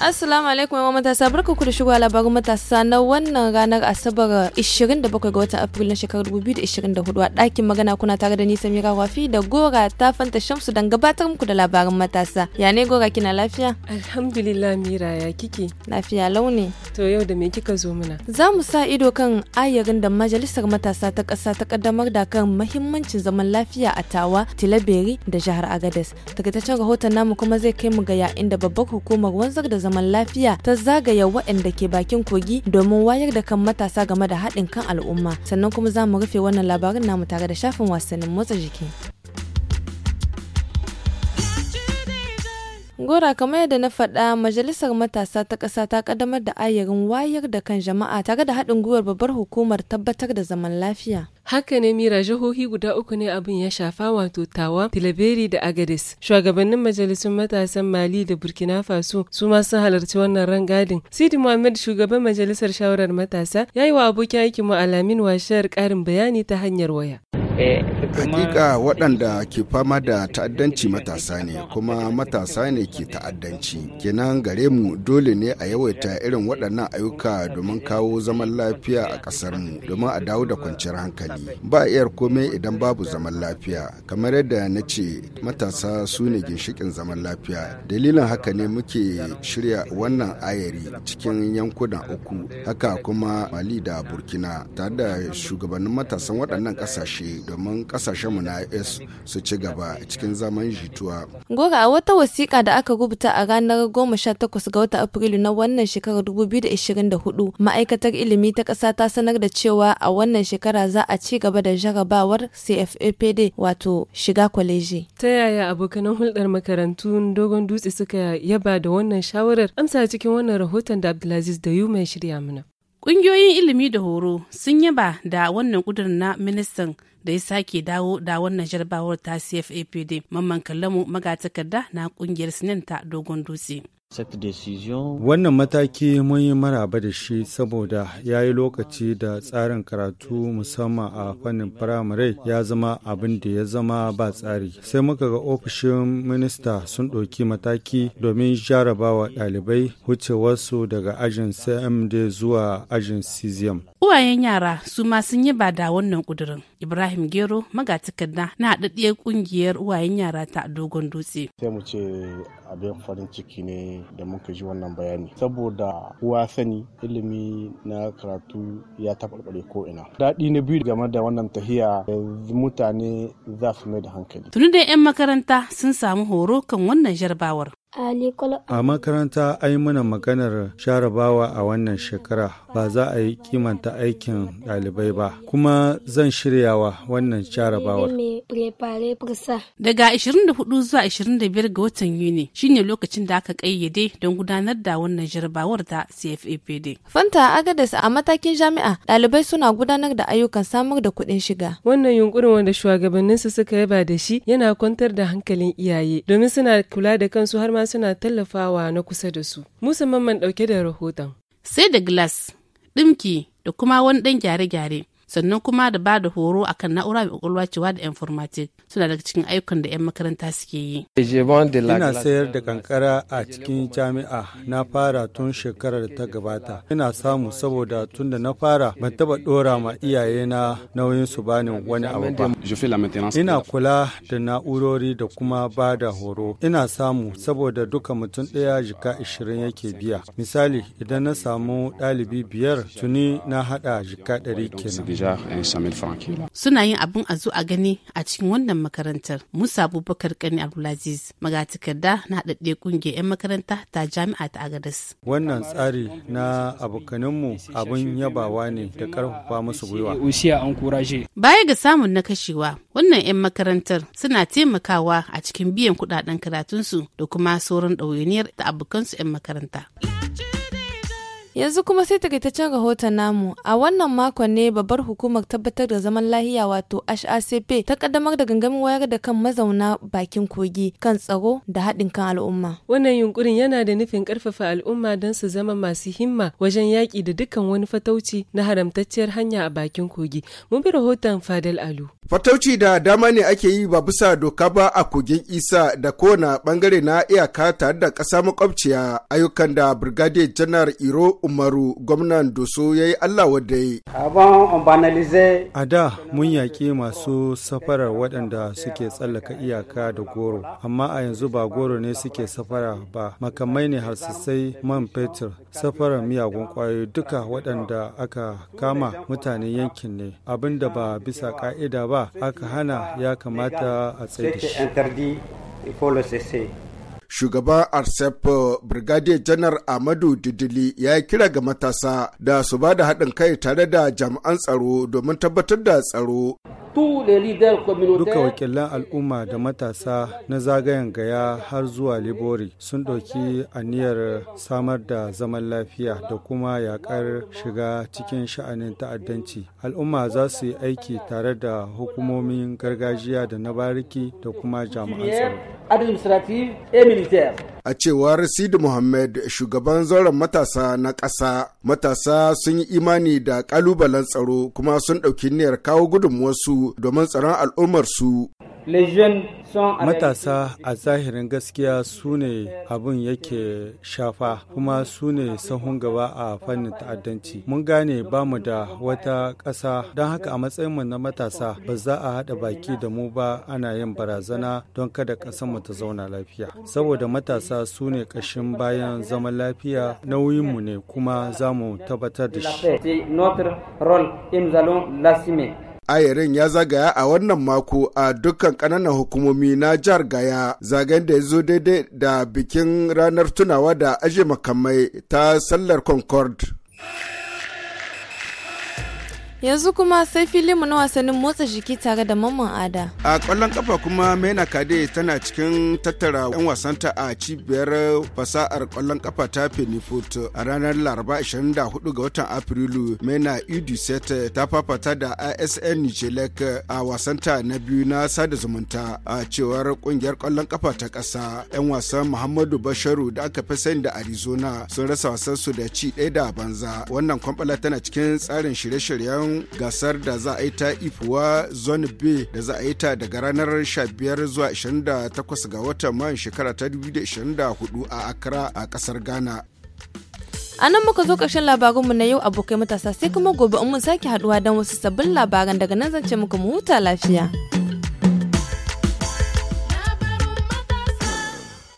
Assalamu alaikum wa matasa barka ku da shigo labarin matasa na wannan ranar Asabar 27 ga watan Afrilu na shekarar 2024 a ɗakin magana kuna tare da nisa mira Wafi da Gora ta fanta Shamsu don gabatar muku da labarin matasa. Ya ne Gora kina lafiya? Alhamdulillah Mira ya kike? Lafiya launi. To yau da me kika zo mana? Za mu sa ido kan ayarin da majalisar matasa ta ƙasa ta kaddamar da kan mahimmancin zaman lafiya a Tawa, Tilaberi da jihar Agadez. Takaitaccen rahoton namu kuma zai kai mu ga ya inda babbar hukumar wanzar da zaman lafiya ta zagaya waɗanda ke bakin kogi domin wayar da kan matasa game da haɗin kan al'umma sannan kuma za mu rufe wannan labarin namu tare da shafin wasannin motsa jiki. Gora kamar yadda na faɗa Majalisar Matasa ta ƙasa ta ƙaddamar da ayarin wayar da kan jama'a tare da haɗin gwiwar babbar hukumar tabbatar da zaman lafiya. Haka ne Mira jihohi guda uku ne abin ya shafa wato Tawa, Tilaberi da Agadez. Shugabannin majalisun matasan Mali da Burkina Faso su ma sun halarci wannan rangadin. Sidi Muhammad shugaban majalisar shawarar matasa ya yi wa abokin aikinmu Alamin Washar karin bayani ta hanyar waya. Hakika waɗanda ke fama da ta'addanci matasa ne kuma matasa ne ke ta'addanci. Kenan gare mu dole ne a yawaita irin waɗannan ayyuka domin kawo zaman lafiya a ƙasar mu domin a dawo da kwanciyar hankali. Ba iyar komai idan babu zaman lafiya. Kamar yadda na ce matasa su ne ginshikin zaman lafiya. Dalilin haka ne muke shirya wannan ayari cikin yankunan uku haka kuma Mali da Burkina tare da shugabannin matasan waɗannan ƙasashe domin mu na is su ci gaba cikin zaman jituwa. Gora a wata wasiƙa da aka rubuta a ranar 18 ga watan Afrilu na wannan shekarar 2024 ma'aikatar ilimi ta ƙasa ta sanar da cewa a wannan shekara za a ci gaba da jarabawar CFAPD wato shiga kwaleji. Ta yaya abokanan hulɗar makarantu dogon dutse suka yaba da wannan shawarar amsa cikin wannan rahoton da Abdulaziz da Yuma mai shirya mana. Ƙungiyoyin ilimi da horo sun yaba da wannan ƙudurin na ministan da ya sake dawo da wannan jarabawar ta CFAPD mamman kallamu magatakarda na ƙungiyar sinin ta Dogon Dutse. Wannan mataki mun yi maraba da shi saboda ya yi lokaci da tsarin karatu musamman a fannin firamare ya zama abin da ya zama ba tsari. Sai muka ga ofishin minista sun ɗauki mataki domin jarabawa ɗalibai wucewarsu daga ajin CMD zuwa ajin CZM. Uwayen yara su ma sun yi bada wannan ƙudurin. Ibrahim Gero magatakarda na haɗaɗɗiyar ƙungiyar uwayen yara ta Dogon Dutse. Sai mu ce abin farin ciki ne da muka ji wannan bayani saboda kowa sani ilimi na karatu ya taɓarɓare ko ina daɗi na biyu game da wannan tahiya mutane za su mai da hankali tuni da 'yan makaranta sun samu horo kan wannan jarabawar A makaranta ai muna maganar sharabawa a wannan shekara ba za a yi kimanta aikin ɗalibai ba, kuma zan shiryawa wannan jarabawar. Daga 24 zuwa 25 ga watan Yuni shine lokacin da aka ƙayyade don gudanar da wannan jarabawar ta CFAPD. Fanta Agadas a matakin jami'a ɗalibai suna gudanar da ayyukan samar da kuɗin shiga. Wannan yunkurin wanda shugabanninsu suka yaba da shi yana kwantar da hankalin iyaye domin suna kula da kansu har ma suna tallafawa na kusa da su. Musa Mamman ɗauke da rahoton. Sai da glass, ɗimki da kuma wani ɗan gyare-gyare. sannan kuma da ba da horo akan na'ura mai kwakwalwa cewa da informatic suna daga cikin ayyukan da 'yan makaranta suke yi. Ina sayar da kankara a cikin jami'a na fara tun shekarar da ta gabata. Ina samu saboda tun da na fara ban taba dora ma iyaye na nauyin su bani wani abu ba. Ina kula da na'urori da kuma ba da horo. Ina samu saboda duka mutum ɗaya jika ashirin yake biya. Misali idan na samu ɗalibi biyar tuni na haɗa jika ɗari kenan. suna yin abun a zo a gani a cikin wannan makarantar musa abubakar kani abdulaziz magatakarda na haɗaɗɗe ƙungiyar 'yan makaranta ta jami'a ta agadas wannan tsari na abokaninmu abun yabawa ne da ƙarfafa musu gwiwa baya ga samun na kashewa wannan 'yan makarantar suna taimakawa a cikin biyan kuɗaɗen karatunsu da kuma sauran ɗawainiyar da abokansu 'yan makaranta. Yanzu kuma sai takaitaccen rahoton namu. A wannan makon ne babbar hukumar tabbatar da zaman lahiya wato HACP ta kaddamar da gangamin wayar da kan mazauna bakin kogi kan tsaro da haɗin kan al'umma. Wannan yunkurin yana da nufin ƙarfafa al'umma don su zama masu himma wajen yaƙi da dukkan wani fatauci na haramtacciyar hanya a bakin kogi. Mun bi rahoton fadal Alu. Fatauci da dama ne ake yi ba bisa doka ba a kogin Isa da kowane bangare na iyaka tare da ƙasa makwabciya ayyukan da Brigadier Janar Iro Umaru gwamnan Doso ya yi Allah yi. A da mun yaƙi masu safarar waɗanda suke tsallaka iyaka da goro, amma a yanzu ba goro ne suke safara ba, makamai ne harsassai man fetur, safarar miyagun ƙwayoyi duka waɗanda aka kama mutane yankin ne, abinda ba bisa ƙa'ida ba ba aka hana ya kamata a tsaye da shi. shugaba Arsep brigadier janar amadu didili ya yi kira ga matasa da su ba da haɗin kai tare da jami'an tsaro domin tabbatar da tsaro Duka wakilan al'umma da matasa na zagayen gaya har zuwa Libori sun ɗauki aniyar samar da zaman lafiya da kuma yaƙar shiga cikin sha'anin ta'addanci. Al'umma za su yi aiki tare da hukumomin gargajiya da na bariki da kuma jami'an tsaro. a cewar Sidi Muhammad shugaban zauren matasa na ƙasa. Matasa sun yi imani da ƙalubalen tsaro kuma sun ɗauki niyyar kawo gudunmuwarsu domin tsaron al'ummarsu. Matasa a zahirin gaskiya su ne abin yake shafa kuma su ne sahun gaba a fannin ta'addanci. Mun gane ba mu da wata ƙasa don haka a matsayinmu na matasa ba za a haɗa baki da mu ba ana yin barazana don kada ƙasarmu ta zauna lafiya. Saboda matasa su ne ƙashin bayan zaman lafiya nauyinmu ne kuma za mu tabbatar da shi. ayarin ya zagaya a wannan mako a dukkan ƙananan hukumomi na jihar gaya zagayen da ya zo daidai da bikin ranar tunawa da ajiye makamai ta sallar concord Yanzu kuma sai mu na wasannin motsa jiki tare da mamman ada. A kwallon kafa kuma Mena Kade tana cikin tattara 'yan wasanta a cibiyar fasa'ar kwallon kafa ta Penifut a ranar Laraba 24 ga watan Afrilu. Mena Udiset ta fafata da isn Nijelek a wasanta na biyu na sada zumunta a cewar kungiyar kwallon kafa ta kasa 'Yan wasan Muhammadu Basharu da aka fi sani da Arizona sun rasa wasansu da ci ɗaya da banza. Wannan kwamfala tana cikin tsarin shirye-shiryen sakamakon gasar da za a yi ta ifuwa e zone b da za a yi ta daga ranar 15 zuwa 28 ga watan mayan shekara ta 2024 a accra a kasar ghana a nan muka zo ƙarshen labaranmu na yau abokai matasa sai kuma gobe in mun sake haduwa don wasu sabbin labaran daga nan zance muku mu huta lafiya.